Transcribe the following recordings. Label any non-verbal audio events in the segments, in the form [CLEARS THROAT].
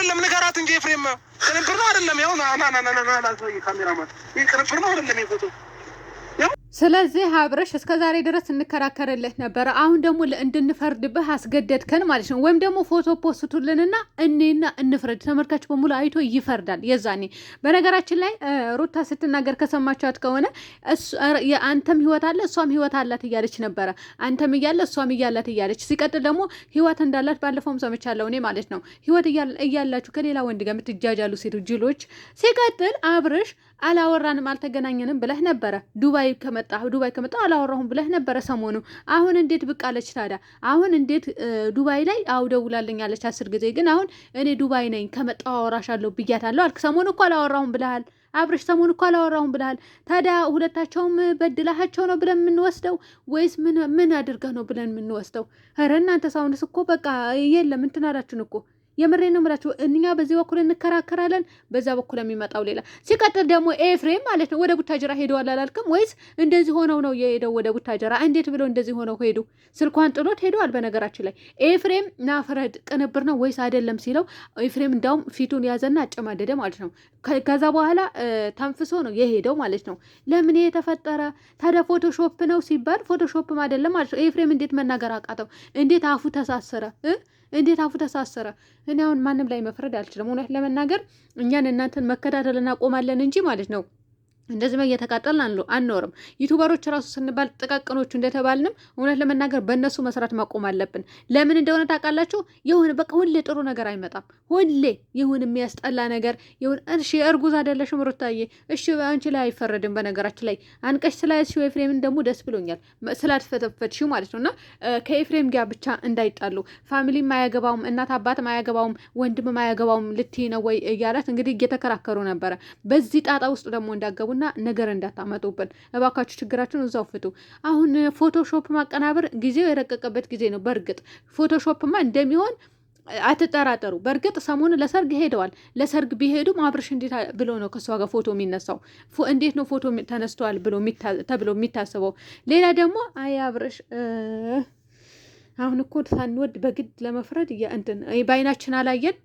አይደለም፣ ንገራት እንጂ ኤፍሬም ቅንብር ነው አይደለም። ያው ና ና ና ና ና ና ካሜራማን ይህ ቅንብር ነው አይደለም የፎቶ ስለዚህ አብረሽ እስከ ዛሬ ድረስ እንከራከርልህ ነበረ። አሁን ደግሞ እንድንፈርድብህ አስገደድከን ማለት ነው። ወይም ደግሞ ፎቶ ፖስቱልንና እኔና እንፍረድ። ተመልካች በሙሉ አይቶ ይፈርዳል የዛኔ። በነገራችን ላይ ሩታ ስትናገር ከሰማችኋት ከሆነ አንተም ህይወት አለ እሷም ህይወት አላት እያለች ነበረ። አንተም እያለ እሷም እያላት እያለች ሲቀጥል ደግሞ ህይወት እንዳላት ባለፈውም ሰምቻለሁ እኔ ማለት ነው። ህይወት እያላችሁ ከሌላ ወንድ ጋር የምትጃጃሉ ሴቶች ጅሎች። ሲቀጥል አብረሽ አላወራንም አልተገናኘንም ብለህ ነበረ። ዱባይ ከመጣ ዱባይ ከመጣ አላወራሁም ብለህ ነበረ ሰሞኑ። አሁን እንዴት ብቅ አለች ታዲያ? አሁን እንዴት ዱባይ ላይ አው ደውላለኝ አለች አስር ጊዜ። ግን አሁን እኔ ዱባይ ነኝ ከመጣሁ አወራሻለሁ ብያታለሁ አልክ። ሰሞኑ እኮ አላወራሁም ብለሃል አብረሽ ሰሞኑ እኮ አላወራሁም ብለሃል። ታዲያ ሁለታቸውም በድላሃቸው ነው ብለን የምንወስደው ወይስ ምን አድርገህ ነው ብለን የምንወስደው? ኧረ እናንተ ሳውንስ እኮ በቃ የለም እንትን አላችሁን እኮ የምሬ ነው የምላችሁ። እኛ በዚህ በኩል እንከራከራለን፣ በዛ በኩል የሚመጣው ሌላ። ሲቀጥል ደግሞ ኤፍሬም ማለት ነው ወደ ቡታጀራ ሄደዋል አላልክም ወይስ እንደዚህ ሆነው ነው የሄደው? ወደ ቡታጀራ እንዴት ብለው እንደዚህ ሆነው ሄዱ? ስልኳን ጥሎት ሄደዋል። በነገራችን ላይ ኤፍሬም ናፍረድ ቅንብር ነው ወይስ አይደለም ሲለው ኤፍሬም እንዳውም ፊቱን ያዘና አጨማደደ ማለት ነው። ከዛ በኋላ ተንፍሶ ነው የሄደው ማለት ነው። ለምን የተፈጠረ ታዲያ? ፎቶሾፕ ነው ሲባል ፎቶሾፕም አይደለም ማለት ነው። ኤፍሬም እንዴት መናገር አቃተው? እንዴት አፉ ተሳሰረ? እንዴት አፉ ተሳሰረ? እኔ አሁን ማንም ላይ መፍረድ አልችልም። እውነት ለመናገር እኛን እናንተን መከታተል እናቆማለን እንጂ ማለት ነው እንደዚህ እየተቃጠልን አንኖርም። ዩቱበሮች ራሱ ስንባል ጥቃቅኖቹ እንደተባልንም እውነት ለመናገር በእነሱ መስራት ማቆም አለብን። ለምን እንደሆነ ታውቃላችሁ? የሆነ በቃ ሁሌ ጥሩ ነገር አይመጣም። ሁሌ ይሁን የሚያስጠላ ነገር ይሁን። እሺ እርጉዝ አይደለሽም ሩታዬ? እሺ አንቺ ላይ አይፈረድም። በነገራችን ላይ አንቀሽ ስላያዝሽው ኤፍሬምን ደግሞ ደስ ብሎኛል ስላትፈተፈትሽው ማለት ነው። እና ከኤፍሬም ጋር ብቻ እንዳይጣሉ ፋሚሊ አያገባውም፣ እናት አባት አያገባውም፣ ወንድም አያገባውም ልትይ ነው ወይ እያላት እንግዲህ እየተከራከሩ ነበረ። በዚህ ጣጣ ውስጥ ደግሞ እንዳገቡ እንዳታመጡና ነገር እንዳታመጡብን እባካችሁ ችግራችን እዛው ፍቱ። አሁን ፎቶሾፕ ማቀናበር ጊዜው የረቀቀበት ጊዜ ነው። በእርግጥ ፎቶሾፕማ እንደሚሆን አትጠራጠሩ። በእርግጥ ሰሞኑ ለሰርግ ሄደዋል። ለሰርግ ቢሄዱም አብርሽ እንዴት ብሎ ነው ከእሷ ጋር ፎቶ የሚነሳው? እንዴት ነው ፎቶ ተነስተዋል ብሎ ተብሎ የሚታስበው? ሌላ ደግሞ አይ አብርሽ አሁን እኮ ሳንወድ በግድ ለመፍረድ እንትን በአይናችን አላየን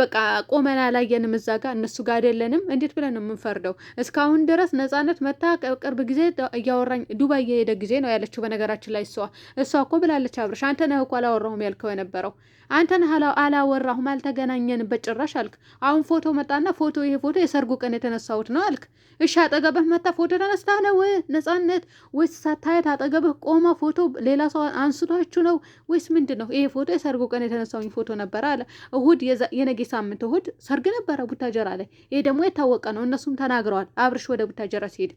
በቃ ቆመን አላየንም እዛ ጋር እነሱ ጋር አይደለንም። እንዴት ብለን ነው የምንፈርደው? እስካሁን ድረስ ነጻነት መታ ቅርብ ጊዜ እያወራኝ ዱባይ የሄደ ጊዜ ነው ያለችው። በነገራችን ላይ እሷ እሷ እኮ ብላለች አብርሽ፣ አንተ ነህ እኮ አላወራሁም ያልከው የነበረው አንተ ነህ አላወራሁም፣ አልተገናኘንም በጭራሽ አልክ። አሁን ፎቶ መጣና ፎቶ ይሄ ፎቶ የሰርጉ ቀን የተነሳሁት ነው አልክ። እሺ አጠገብህ መታ ፎቶ ተነስታ ነው ነጻነት ወይስ ሳታየት አጠገብህ ቆማ ፎቶ ሌላ ሰው አንስቷችሁ ነው ወይስ ምንድን ነው? ይሄ ፎቶ የሰርጉ ቀን የተነሳውኝ ፎቶ ነው ነበረ አለ። እሁድ የነጌ ሳምንት እሁድ ሰርግ ነበረ ቡታጀራ ላይ። ይሄ ደግሞ የታወቀ ነው፣ እነሱም ተናግረዋል። አብርሽ ወደ ቡታጀራ ሲሄድ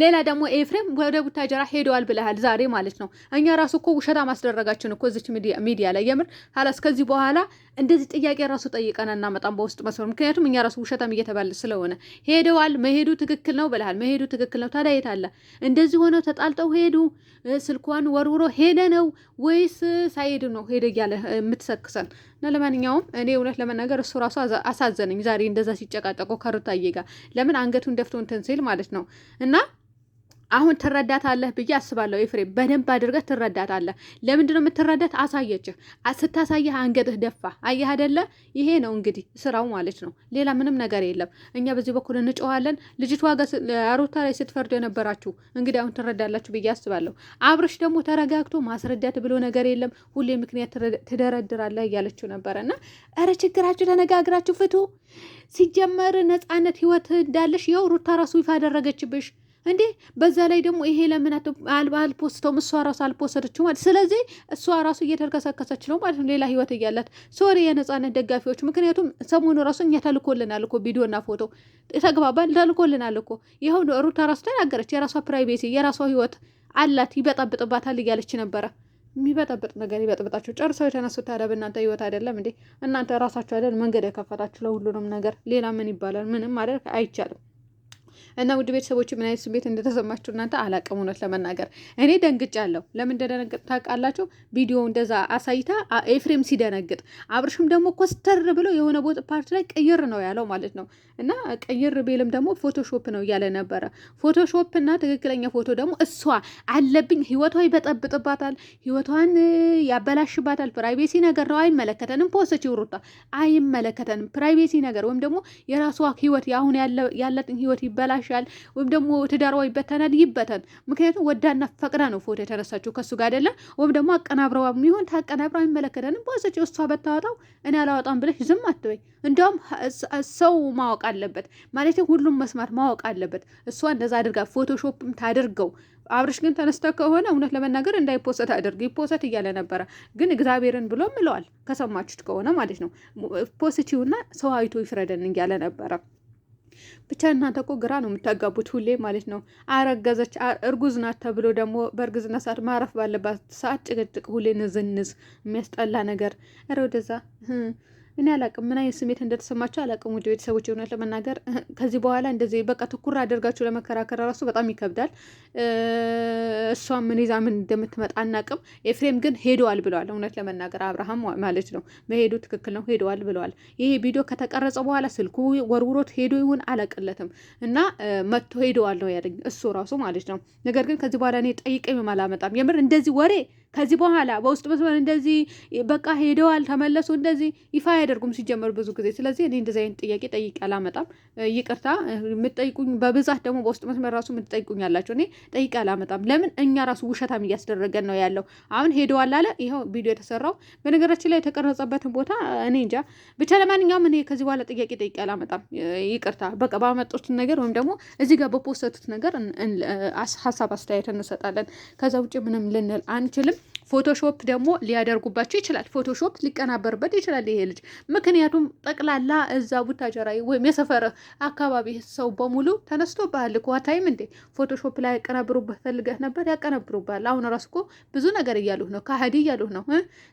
ሌላ ደግሞ ኤፍሬም ወደ ቡታጀራ ሄደዋል ብለሃል ዛሬ ማለት ነው። እኛ ራሱ እኮ ውሸታ ማስደረጋችን እኮ እዚች ሚዲያ ላይ የምር ኋላ እስከዚህ በኋላ እንደዚህ ጥያቄ ራሱ ጠይቀን እናመጣም በውስጥ መስመር። ምክንያቱም እኛ ራሱ ውሸታም እየተባለ ስለሆነ ሄደዋል፣ መሄዱ ትክክል ነው ብለሃል፣ መሄዱ ትክክል ነው። ታዲያ የት አለ? እንደዚህ ሆነው ተጣልጠው ሄዱ፣ ስልኳን ወርውሮ ሄደ ነው ወይስ ሳይሄድ ነው ሄደ እያለ የምትሰክሰን እና ለማንኛውም እኔ እውነት ለመናገር እሱ ራሱ አሳዘነኝ ዛሬ እንደዛ ሲጨቃጨቁ ከሩታዬ ጋር ለምን አንገቱን ደፍቶ እንትን ሲል ማለት ነው እና አሁን ትረዳታለህ ብዬ አስባለሁ። ኤፍሬም በደንብ አድርገህ ትረዳታለህ። ለምንድን ነው የምትረዳት? አሳየችህ። ስታሳየህ አንገጥህ ደፋ። አየህ አይደለ? ይሄ ነው እንግዲህ ስራው ማለት ነው። ሌላ ምንም ነገር የለም። እኛ በዚህ በኩል እንጨዋለን። ልጅቷ ሩታ ላይ ስትፈርዱ የነበራችሁ እንግዲህ አሁን ትረዳላችሁ ብዬ አስባለሁ። አብርሽ ደግሞ ተረጋግቶ ማስረዳት ብሎ ነገር የለም። ሁሌ ምክንያት ትደረድራለህ እያለችው ነበረ እና ኧረ ችግራችሁ ተነጋግራችሁ ፍቱ። ሲጀመር ነፃነት ህይወት እንዳለሽ ይኸው ሩታ ራሱ ይፋ አደረገችብሽ። እንዴ በዛ ላይ ደግሞ ይሄ ለምን አልፖስተውም? እሷ ራሱ አልፖሰደችው ማለት ስለዚህ እሷ ራሱ እየተርከሰከሰች ነው ማለት ነው፣ ሌላ ህይወት እያላት። ሶሪ የነጻነት ደጋፊዎች፣ ምክንያቱም ሰሞኑ ራሱ እኛ ተልኮልናል እኮ ቪዲዮና ፎቶ ተግባባል፣ ተልኮልናል እኮ ይኸው። ሩታ ራሱ ተናገረች፣ የራሷ ፕራይቬሲ የራሷ ህይወት አላት፣ ይበጠብጥባታል እያለች ነበረ። የሚበጠብጥ ነገር ይበጥብጣችሁ። ጨርሰው የተነሱት ታዲያ በእናንተ ህይወት አይደለም እንዴ? እናንተ ራሳችሁ አይደል መንገድ የከፈታችሁ ለሁሉንም ነገር። ሌላ ምን ይባላል? ምንም ማድረግ አይቻልም። እና ውድ ቤተሰቦች ምን አይነት ስሜት እንደተሰማችሁ እናንተ አላቅም። እውነት ለመናገር እኔ ደንግጫለሁ። ለምን እንደደነግጥ ታውቃላችሁ? ቪዲዮ እንደዛ አሳይታ ኤፍሬም ሲደነግጥ፣ አብርሽም ደግሞ ኮስተር ብሎ የሆነ ቦጥ ፓርት ላይ ቅይር ነው ያለው ማለት ነው። እና ቅይር ቤልም ደግሞ ፎቶሾፕ ነው እያለ ነበረ። ፎቶሾፕ እና ትክክለኛ ፎቶ ደግሞ እሷ አለብኝ ህይወቷ ይበጠብጥባታል፣ ህይወቷን ያበላሽባታል። ፕራይቬሲ ነገር ነው አይመለከተንም። ፖስት ይውሩታ አይመለከተንም። ፕራይቬሲ ነገር ወይም ደግሞ የራሷ ህይወት የአሁን ያላትን ህይወት ይበላሽ ይበላሻል ወይም ደግሞ ትዳሯ ይበተናል፣ ይበተን። ምክንያቱም ወዳና ፈቅዳ ነው ፎቶ የተነሳችው ከሱ ጋር አይደለም። ወይም ደግሞ አቀናብረዋ የሚሆን ታቀናብራ የሚመለከተንም በወሰች እሷ በታወጣው እኔ አላወጣም ብለሽ ዝም አትበይ። እንዲያውም ሰው ማወቅ አለበት ማለት ሁሉም መስማት ማወቅ አለበት። እሷ እንደዛ አድርጋ ፎቶሾፕም ታድርገው አብርሽ ግን ተነስተ ከሆነ እውነት ለመናገር እንዳይፖሰት አድርግ ይፖሰት እያለ ነበረ። ግን እግዚአብሔርን ብሎም እለዋል ከሰማችሁት ከሆነ ማለት ነው ፖስቲቭና ሰው አይቶ ይፍረደን እያለ ነበረ። ብቻ እናንተ እኮ ግራ ነው የምታጋቡት ሁሌ ማለት ነው። አረገዘች እርጉዝ ናት ተብሎ ደግሞ በእርግዝና ሰዓት ማረፍ ባለባት ሰዓት ጭቅጭቅ፣ ሁሌ ንዝንዝ፣ የሚያስጠላ ነገር ረ ወደዛ እኔ አላቅም ምን አይነት ስሜት እንደተሰማቸው አላቅም። ውድ ቤተሰቦች የሆነት ለመናገር [CLEARS THROAT] ከዚህ በኋላ እንደዚህ በቃ ትኩር አድርጋችሁ ለመከራከር ራሱ በጣም ይከብዳል። እሷ ምን ይዛ ምን እንደምትመጣ አናቅም። ኤፍሬም ግን ሄደዋል ብለዋል። እውነት ለመናገር አብርሃም ማለት ነው መሄዱ ትክክል ነው፣ ሄደዋል ብለዋል። ይሄ ቪዲዮ ከተቀረጸ በኋላ ስልኩ ወርውሮት ሄዶ ይሁን አላቅለትም እና መጥቶ ሄደዋል ነው ያደግ እሱ ራሱ ማለት ነው። ነገር ግን ከዚህ በኋላ እኔ ጠይቄ አላመጣም የምር እንደዚህ ወሬ ከዚህ በኋላ በውስጥ መስመር እንደዚህ በቃ ሄደዋል ተመለሱ እንደዚህ ይፋ አያደርጉም ሲጀመር ብዙ ጊዜ። ስለዚህ እኔ እንደዚህ አይነት ጥያቄ ጠይቄ አላመጣም። ይቅርታ የምትጠይቁኝ በብዛት ደግሞ በውስጥ መስመር ራሱ የምትጠይቁኝ ያላቸው እኔ ጠይቄ አላመጣም። ለምን እኛ ራሱ ውሸታም እያስደረገን ነው ያለው። አሁን ሄደዋል አለ ይኸው ቪዲዮ የተሰራው በነገራችን ላይ የተቀረጸበትን ቦታ እኔ እንጃ። ብቻ ለማንኛውም እኔ ከዚህ በኋላ ጥያቄ ጠይቄ አላመጣም። ይቅርታ በቃ ባመጡትን ነገር ወይም ደግሞ እዚህ ጋር በፖስተቱት ነገር ሀሳብ አስተያየት እንሰጣለን። ከዛ ውጭ ምንም ልንል አንችልም። ፎቶሾፕ ደግሞ ሊያደርጉባቸው ይችላል። ፎቶሾፕ ሊቀናበርበት ይችላል ይሄ ልጅ። ምክንያቱም ጠቅላላ እዛ ቡታጀራ ወይም የሰፈር አካባቢ ሰው በሙሉ ተነስቶብሃል እኮ እንዴ? ፎቶሾፕ ላይ ያቀናብሩብህ ፈልገህ ነበር፣ ያቀናብሩብሃል። አሁን ራሱ እኮ ብዙ ነገር እያሉህ ነው። ከሀዲ እያሉህ ነው።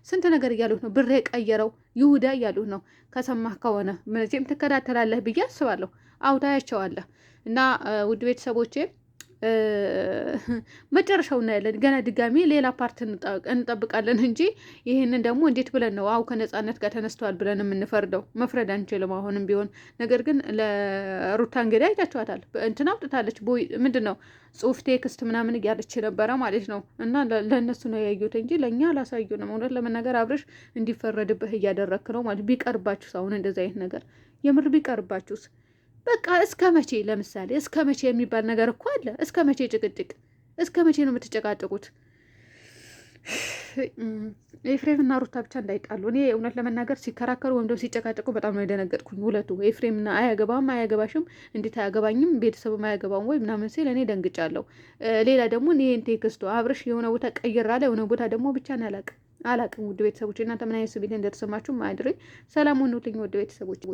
ስንት ነገር እያሉህ ነው። ብሬ ቀየረው ይሁዳ እያሉህ ነው። ከሰማህ ከሆነ መቼም ትከታተላለህ ብዬ አስባለሁ። አውታያቸዋለህ እና ውድ ቤተሰቦቼ መጨረሻው እናያለን። ገና ድጋሚ ሌላ ፓርት እንጠብቃለን እንጂ ይህንን ደግሞ እንዴት ብለን ነው አው ከነጻነት ጋር ተነስተዋል ብለን የምንፈርደው? መፍረድ አንችልም አሁንም ቢሆን ነገር ግን ለሩታ እንግዲህ አይታችኋታል። እንትን አውጥታለች ምንድን ነው ጽሁፍ ቴክስት ምናምን እያለች ነበረ ማለት ነው። እና ለእነሱ ነው ያዩት እንጂ ለእኛ አላሳዩንም። እውነት ለመናገር አብረሽ እንዲፈረድብህ እያደረክ ነው ማለት ቢቀርባችሁስ፣ አሁን እንደዚ አይነት ነገር የምር ቢቀርባችሁስ በቃ እስከ መቼ ለምሳሌ እስከ መቼ የሚባል ነገር እኮ አለ። እስከ መቼ ጭቅጭቅ፣ እስከ መቼ ነው የምትጨቃጨቁት? [SIGHS] ኤፍሬም እና ሩታ ብቻ እንዳይጣሉ። እኔ እውነት ለመናገር ሲከራከሩ ወይም ደግሞ ሲጨቃጨቁ በጣም ነው የደነገጥኩኝ። ሁለቱ ኤፍሬም ኤፍሬምና አያገባም አያገባሽም፣ እንዴት አያገባኝም፣ ቤተሰብም አያገባም ወይ ምናምን ሲል እኔ ደንግጫለሁ። ሌላ ደግሞ እኔ ቴክስቱ አብርሽ የሆነ ቦታ ቀይር አለ፣ የሆነ ቦታ ደግሞ ብቻ አላቅም አላቅም። ውድ ቤተሰቦች እናንተ ምን አይነት ስሜት እንደተሰማችሁ ማድሬ ሰላም ሆኑልኝ። ውድ ቤተሰቦች